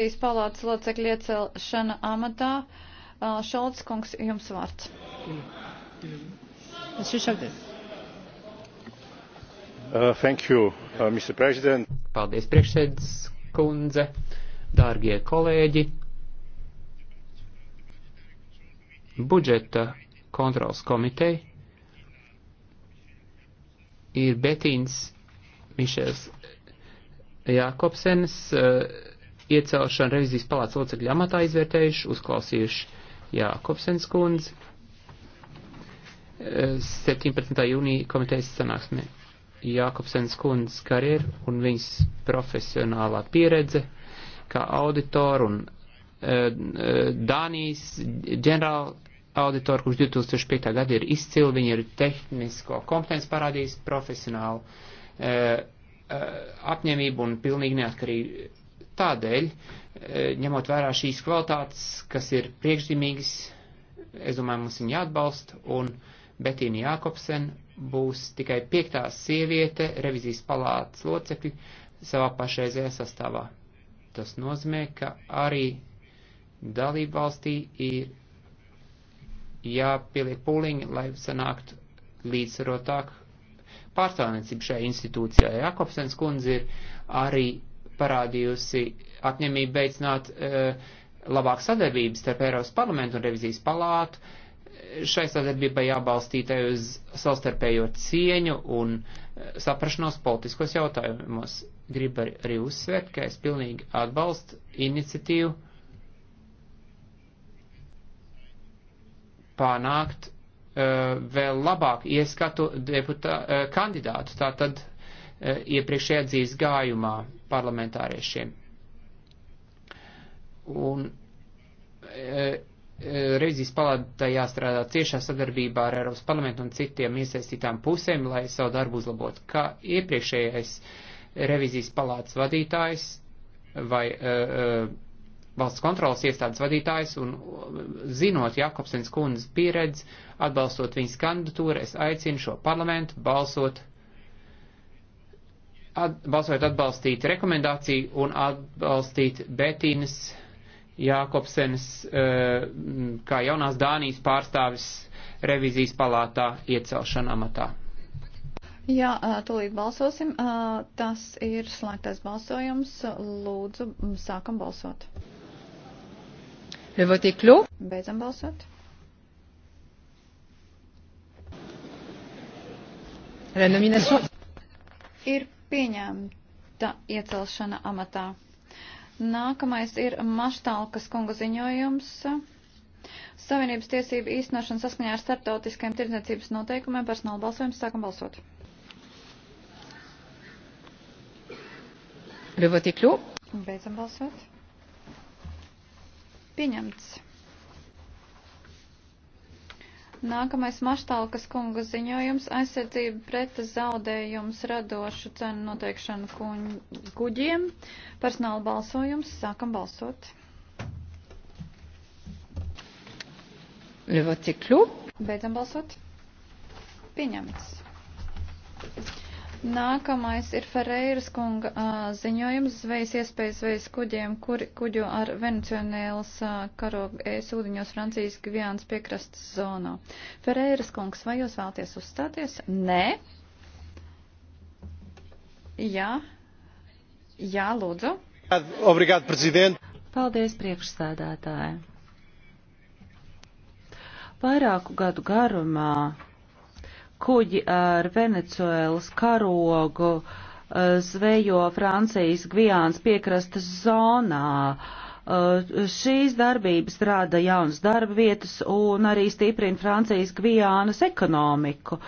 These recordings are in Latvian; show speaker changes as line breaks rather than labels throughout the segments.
Rīs palātas locekļu iecelšana amatā. Šolts kungs, jums vārds.
Uh, thank you, uh, Mr. President. Paldies, priekšsēdz kundze, dārgie kolēģi. Budžeta kontrols komiteja ir Betīns Mišels Jākopsens. Uh, iecelšanu revizijas palāca locekļu amatā izvērtējuši, uzklausījuši Jākopsens kundzi 17. Eh, jūnija komitejas sanāksmē. Jākopsens kundzes karjeru un viņas profesionālā pieredze kā auditoru un eh, Dānijas ģenerāla auditoru, kurš 2005. gada ir izcili, viņi ir tehnisko kompetenci parādījis, profesionālu eh, apņēmību un pilnīgi neatkarību Tādēļ, e, ņemot vērā šīs kvalitātes, kas ir priekšzīmīgas, es domāju, mums viņa jāatbalsta, un Betīna Jākopsen būs tikai piektā sieviete revizijas palātas locekļi savā pašreizējā sastāvā. Tas nozīmē, ka arī dalību valstī ir jāpieliek pūliņi, lai sanāktu līdzsvarotāk pārstāvniecību šajā institūcijā. Jākopsens kundze ir arī parādījusi apņemību veicināt eh, labāk sadarbības starp Eiropas parlamentu un revizijas palātu. Šai sadarbībai jābalstītai uz savstarpējo cieņu un eh, saprašanos politiskos jautājumos. Gribu arī uzsvērt, ka es pilnīgi atbalstu iniciatīvu panākt uh, vēl labāku ieskatu deputā, uh, kandidātu. Tātad Eh, iepriekšējā dzīves gājumā parlamentāriešiem. Un eh, eh, revizijas palātai jāstrādā ciešā sadarbībā ar Eiropas parlamentu un citiem iesaistītām pusēm, lai savu darbu uzlabotu. Kā iepriekšējais revizijas palātas vadītājs vai uh, valsts kontrolas iestādes vadītājs un zinot Jakobsens kundzes pieredzi, atbalstot viņas kandidatūru, es aicinu šo parlamentu balsot at, balsojot atbalstīt rekomendāciju un atbalstīt Betīnas Jākopsenes eh, kā jaunās Dānijas pārstāvis revizijas palātā iecelšana amatā.
Jā, eh, tūlīt balsosim. Eh, tas ir slēgtais balsojums. Lūdzu, sākam balsot. Levotikļu. Beidzam balsot.
La nomination.
Ir pieņemta iecelšana amatā. Nākamais ir Maštalkas kunga ziņojums. Savienības tiesību īstenošana saskaņā ar starptautiskiem tirdzniecības noteikumiem personāla balsojums sākam balsot. Le vote est clos. Beidzam balsot. Pieņemts. Nākamais maštālkas kunga ziņojums - aizsardzība pret zaudējums radošu cenu noteikšanu kuņ, kuģiem. Personāla balsojums. Sākam balsot. Ļevot ciklu. Beidzam balsot. Pieņemts. Nākamais ir Ferreiras kunga ziņojums zvejas iespējas zvejas kuģiem, kuri kuģo ar Venecionēlas karogu sūdiņos Francijas Gvijānas piekrastas zonā. Ferreiras kungs, vai jūs vēlties uzstāties? Nē.
Jā. Jā, lūdzu. Obrigāt, prezident. Paldies, priekšstādātāji. Vairāku gadu garumā kuģi ar Venecuēlas karogu eh, zvejo Francijas Gvijāns piekrastas zonā. Eh, šīs darbības rada jaunas darba vietas un arī stiprina Francijas Gvijānas ekonomiku.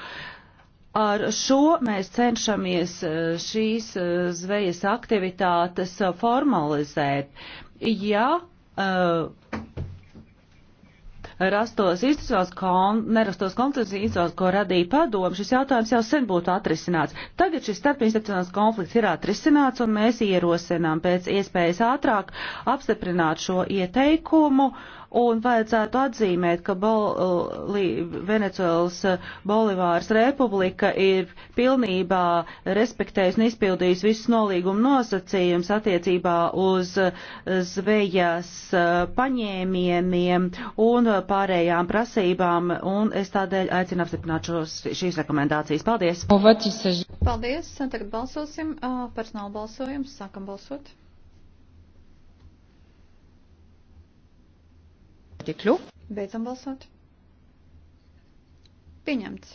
Ar šo mēs cenšamies eh, šīs zvejas aktivitātes formalizēt. Ja uh, rastos institucionāls, kon, nerastos konflikts institucionāls, ko radīja padomu, šis jautājums jau sen būtu atrisināts. Tagad šis starpinstitucionāls konflikts ir atrisināts, un mēs ierosinām pēc iespējas ātrāk apstiprināt šo ieteikumu Un vajadzētu atzīmēt, ka Boli, Venecuēlas Bolivāras republika ir pilnībā respektējusi un izpildījusi visus nolīguma nosacījums attiecībā uz zvejas paņēmieniem un pārējām prasībām. Un es tādēļ aicinu apstiprināt šos, šīs rekomendācijas. Paldies!
Paldies! Tagad balsosim. Personāla balsojums. Sākam balsot. Tiklu. Beidzam balsot. Pieņemts.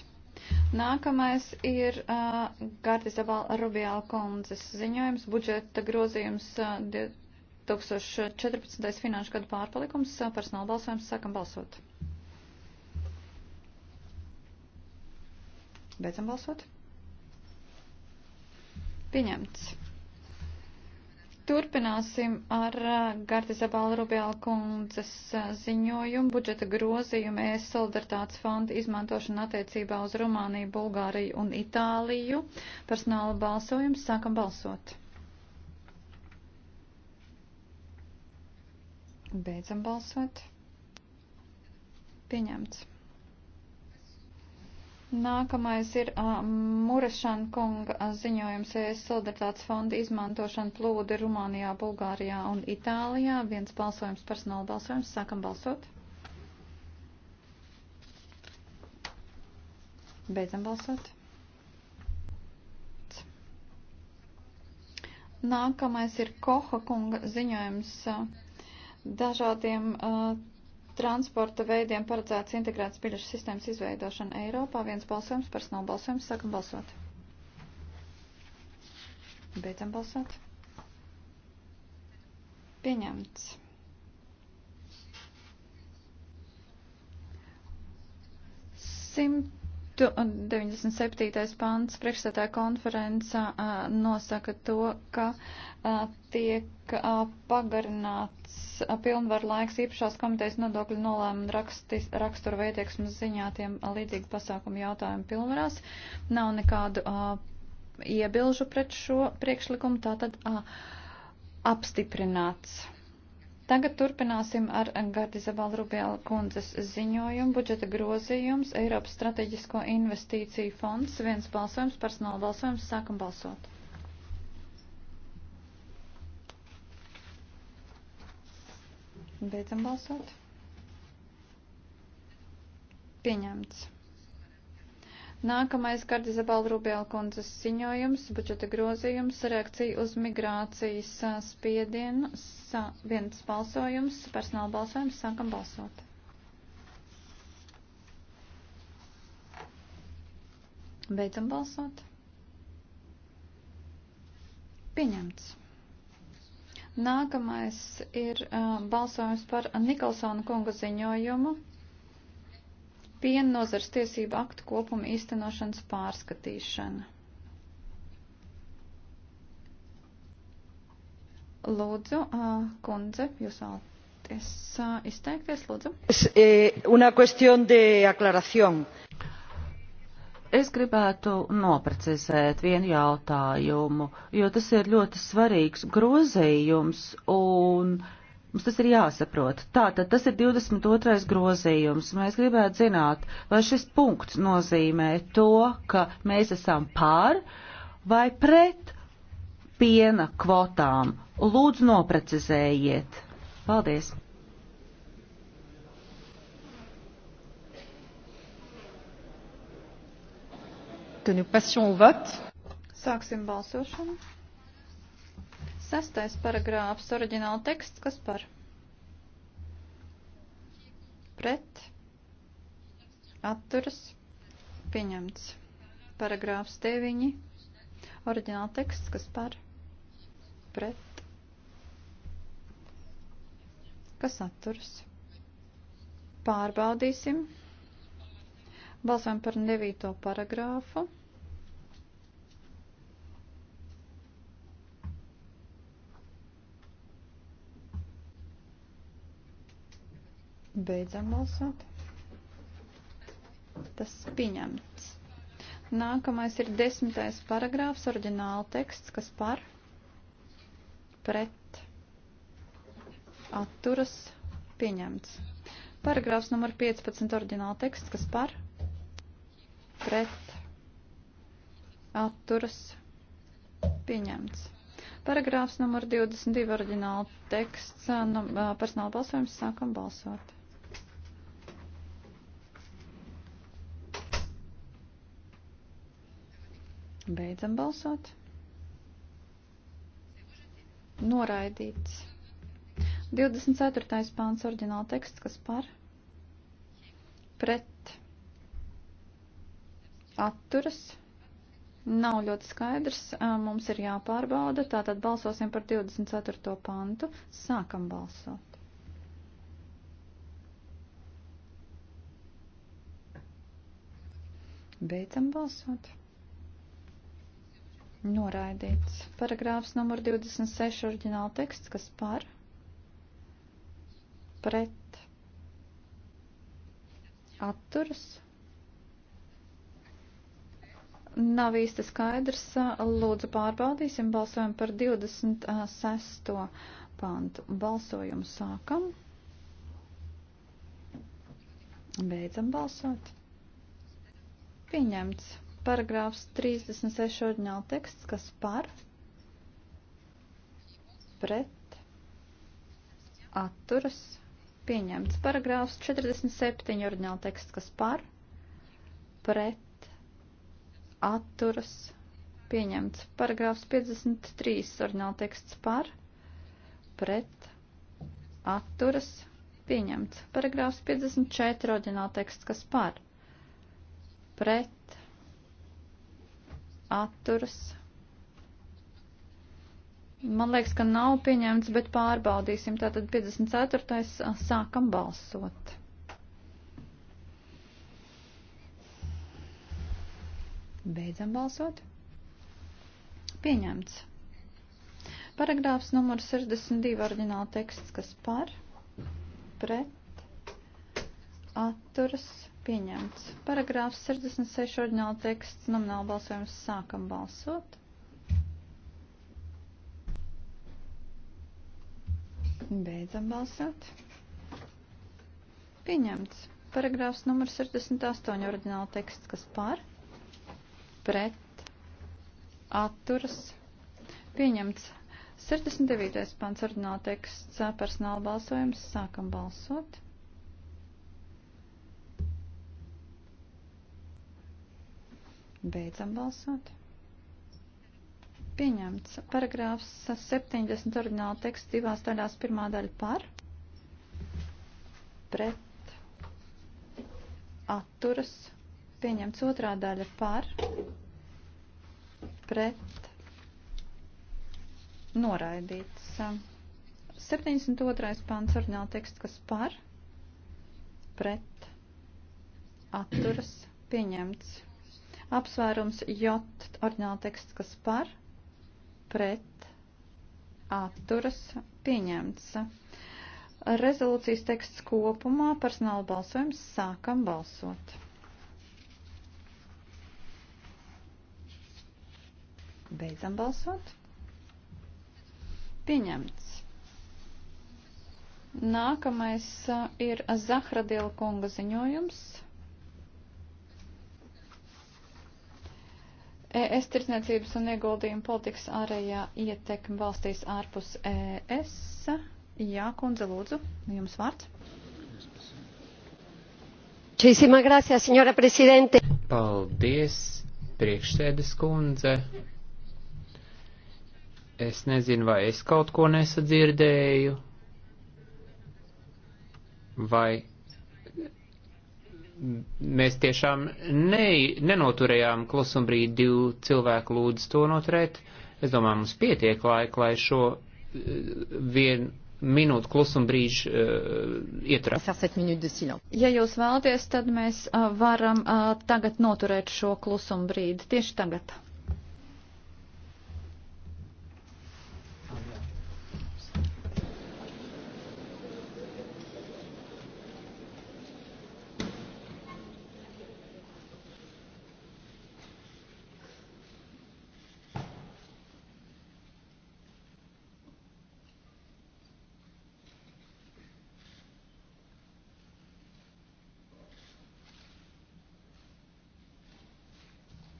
Nākamais ir uh, Gārtis Rubijāla kundzes ziņojums, budžeta grozījums uh, 2014. finanšu gadu pārpalikums, uh, personāla balsojums, sākam balsot. Beidzam balsot. Pieņemts. Turpināsim ar eh, Garta Zabala Rubjāla kundzes eh, ziņojumu budžeta grozījumu ES solidaritātes fonda izmantošanu attiecībā uz Rumāniju, Bulgāriju un Itāliju. Personāla balsojums. Sākam balsot. Beidzam balsot. Pieņemts. Nākamais ir uh, Murašana kunga ziņojums ES solidaritātes fonda izmantošana plūdi Rumānijā, Bulgārijā un Itālijā. Viens balsojums, personāla balsojums. Sākam balsot. Beidzam balsot. Nākamais ir Koha kunga ziņojums dažādiem uh, transporta veidiem paredzēts integrēts biļešu sistēmas izveidošana Eiropā. Viens balsojums, personāla balsojums, sākam balsot. Beidzam balsot. Pieņemts. Simt 97. pants priekšsētā konferenca nosaka to, ka tiek pagarināts pilnvaru laiks īpašās komitejas nodokļu nolēmuma rakstis, rakstura veitieksmes ziņā tiem līdzīgi pasākumu jautājumu pilnvarās. Nav nekādu uh, iebilžu pret šo priekšlikumu, tātad uh, apstiprināts. Tagad turpināsim ar Gardi Zabal Rubjāla kundzes ziņojumu. Budžeta grozījums, Eiropas strateģisko investīciju fonds, viens balsojums, personāla balsojums, sākam balsot. Beidzam balsot. Pieņemts. Nākamais Gardi Zabaldrūbjēla kundzes ziņojums, budžeta grozījums, reakcija uz migrācijas spiedienu, sa, viens balsojums, personāla balsojums, sākam balsot. Beidzam balsot. Pieņemts. Nākamais ir uh, balsojums par Nikolsona kunga ziņojumu piena nozars tiesību aktu kopuma īstenošanas pārskatīšana. Lūdzu, uh, kundze, jūs vēlaties uh, izteikties, lūdzu.
Es, eh, una cuestión de aclaración. Es gribētu noprecizēt vienu jautājumu, jo tas ir ļoti svarīgs grozījums un mums tas ir jāsaprot. Tātad tas ir 22. grozījums. Mēs gribētu zināt, vai šis punkts nozīmē to, ka mēs esam pār vai pret piena kvotām. Lūdzu, noprecizējiet. Paldies!
que nous passions au vote. Sāksim balsošanu. Sastais paragrāfs, oriģināla teksts, kas par? Pret. Atturas. Pieņemts. Paragrāfs 9. Oriģināla teksts, kas par? Pret. Kas atturas? Pārbaudīsim. Balsojam par devīto paragrāfu. Beidzam balsot. Tas pieņemts. Nākamais ir desmitais paragrāfs, oriģināla teksts, kas par pret atturas pieņemts. Paragrāfs numur 15, oriģināla teksts, kas par pret pret atturas pieņemts. Paragrāfs numur 22 oriģināla teksts, nu, personāla balsojums, sākam balsot. Beidzam balsot. Noraidīts. 24. pāns oriģināla teksts, kas par pret atturas. Nav ļoti skaidrs, mums ir jāpārbauda, tātad balsosim par 24. pantu, sākam balsot. Beidzam balsot. Noraidīts. Paragrāfs numur 26 oriģināla teksts, kas par, pret, atturas Nav īsti skaidrs. Lūdzu, pārbaudīsim. Balsojam par 26. pantu. Balsojumu sākam. Beidzam balsot. Pieņemts. Paragrāfs 36 ordināla teksts, kas par, pret, atturas, pieņemts. Paragrāfs 47 ordināla teksts, kas par, pret, atturas pieņemts. Paragrāfs 53, orģināla teksts par, pret, atturas pieņemts. Paragrāfs 54, orģināla teksts kas par, pret, atturas. Man liekas, ka nav pieņemts, bet pārbaudīsim. Tātad 54. sākam balsot. Beidzam balsot. Pieņemts. Paragrāfs numur 62 oriģināla teksts, kas par, pret, atturas, pieņemts. Paragrāfs 66 oriģināla teksts, nomināla balsojums, sākam balsot. Beidzam balsot. Pieņemts. Paragrāfs numur 68 oriģināla teksts, kas par, pret atturas pieņemts. 69. pants ordināla teksts personāla balsojums. Sākam balsot. Beidzam balsot. Pieņemts. Paragrāfs 70 ordināla teksts divās daļās. Pirmā daļa par, pret, atturas, Pieņemts otrā daļa par, pret, noraidīts. 72. pāns orģināla teksts, kas par, pret, atturas, pieņemts. Apsvērums J orģināla teksts, kas par, pret, atturas, pieņemts. Rezolūcijas teksts kopumā personāla balsojums sākam balsot. Beidzam balsot. Pieņemts. Nākamais ir Zahradiela kunga ziņojums. ES tirdzniecības un ieguldījuma politikas ārējā ietekme valstīs ārpus ES. Jā, kundze, lūdzu, jums vārds.
Paldies, priekšsēdes kundze. Es nezinu, vai es kaut ko nesadzirdēju, vai mēs tiešām ne, nenoturējām klusumbrīdi divu cilvēku lūdzu to noturēt. Es domāju, mums pietiek laika, lai šo eh, vienu minūtu klusumbrīžu uh, eh, ieturētu.
Ja jūs vēlaties, tad mēs uh, varam uh, tagad noturēt šo klusumbrīdi tieši tagad.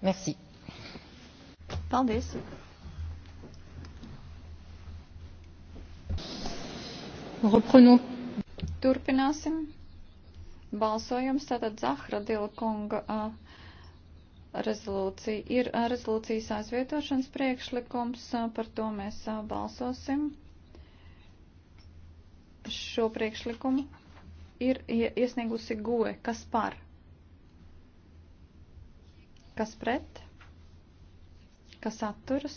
Merci. Paldies. Reprenons. Turpināsim. Balsojums tātad Zahra Dilkonga rezolūcija ir rezolūcijas aizvietošanas priekšlikums, par to mēs balsosim. Šo priekšlikumu ir iesniegusi GUE. Kas par? Kas pret? Kas atturas?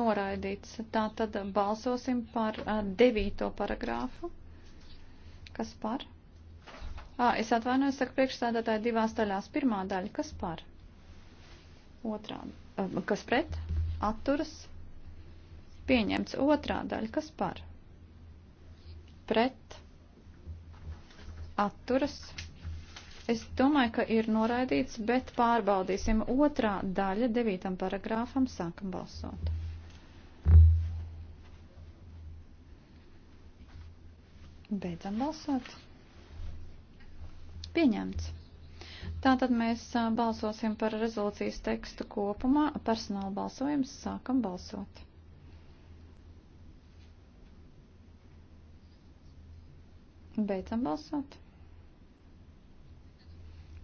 Noraidīts. Tā tad balsosim par uh, devīto paragrāfu. Kas par? À, es atvainojos, saku priekšstādātāji divās daļās. Pirmā daļa, kas par? Otrā. Uh, kas pret? Atturas. Pieņemts. Otrā daļa, kas par? Pret. Atturas Es domāju, ka ir noraidīts, bet pārbaudīsim otrā daļa devītam paragrāfam. Sākam balsot. Beidzam balsot. Pieņemts. Tātad mēs balsosim par rezolūcijas tekstu kopumā. Personāla balsojums sākam balsot. Beidzam balsot.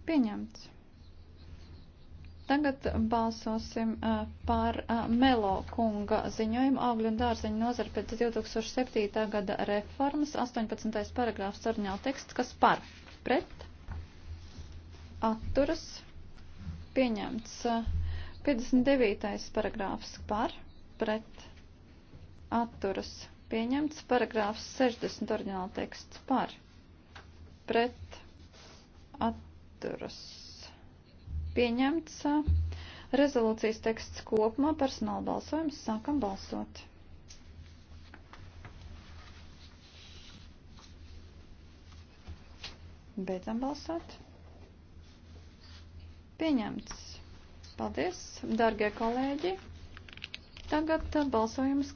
Pieņemts. Tagad balsosim par Melo kunga ziņojumu augļu un dārzeņu nozara pēc 2007. gada reformas 18. paragrāfs sarņā teksts, kas par pret atturas pieņemts 59. paragrāfs par pret atturas pieņemts paragrāfs 60 oriģināla teksts par pret atturas atturas pieņemts. Rezolūcijas teksts kopumā personāla balsojums. Sākam balsot. Beidzam balsot. Pieņemts. Paldies, dārgie kolēģi. Tagad balsojums.